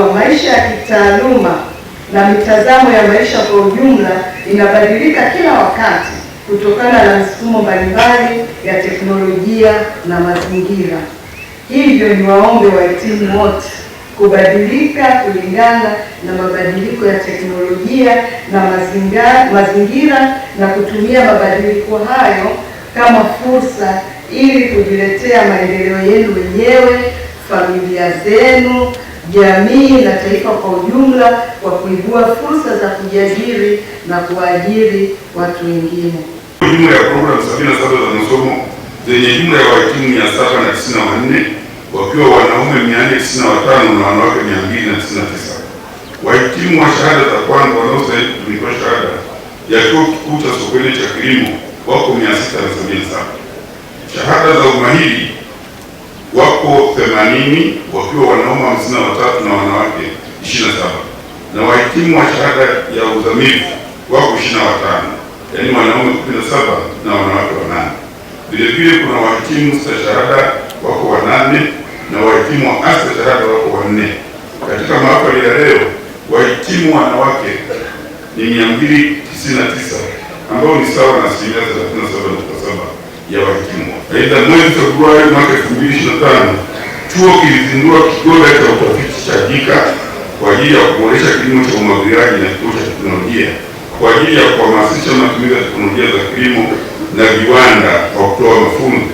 wa maisha ya kitaaluma na mitazamo ya maisha kwa ujumla inabadilika kila wakati kutokana na msukumo mbalimbali ya teknolojia na mazingira. Hivyo ni waombe wahitimu wote kubadilika kulingana na mabadiliko ya teknolojia na mazingira, mazingira na kutumia mabadiliko hayo kama fursa ili kujiletea maendeleo yenu wenyewe, familia zenu jamii na taifa kwa ujumla kwa kuibua fursa za kujiajiri na kuwaajiri watu wengine. Jumla ya programu 77 za masomo zenye jumla ya wahitimu 794 wakiwa wanaume 495 na wanawake 299. Wahitimu wa shahada za kwanza wanaostahili kutunukiwa shahada ya chuo kikuu cha Sokoine cha kilimo wako 677. Shahada za umahiri wako 80 wakiwa wanaume 53 na wanawake 27 na wahitimu wa shahada ya uzamivu wako 25 yaani wanaume 17 na wanawake wanane. Vile vile kuna wahitimu sa shahada wako wanane na wahitimu wa shahada wako wanne. Katika mahafali ya leo wahitimu wanawake ni 299 ambao ni sawa na asilimia 37 ya watumwa. Aidha, mwezi Februari mwaka 2025 chuo kilizindua kigoda cha utafiti cha JICA kwa ajili ya kuboresha kilimo cha umwagiliaji na kituo cha teknolojia kwa ajili ya kuhamasisha matumizi ya teknolojia za kilimo na viwanda kwa kutoa mafunzo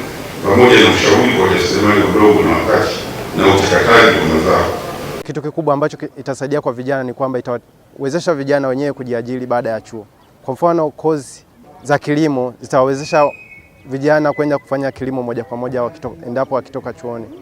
pamoja na ushauri kwa wajasiriamali wadogo na wakati na uchakataji wa mazao. Kitu kikubwa ambacho itasaidia kwa vijana ni kwamba itawezesha vijana wenyewe kujiajiri baada ya chuo. Kwa mfano, kozi za kilimo zitawawezesha vijana kwenda kufanya kilimo moja kwa moja wakitoka, endapo wakitoka chuoni.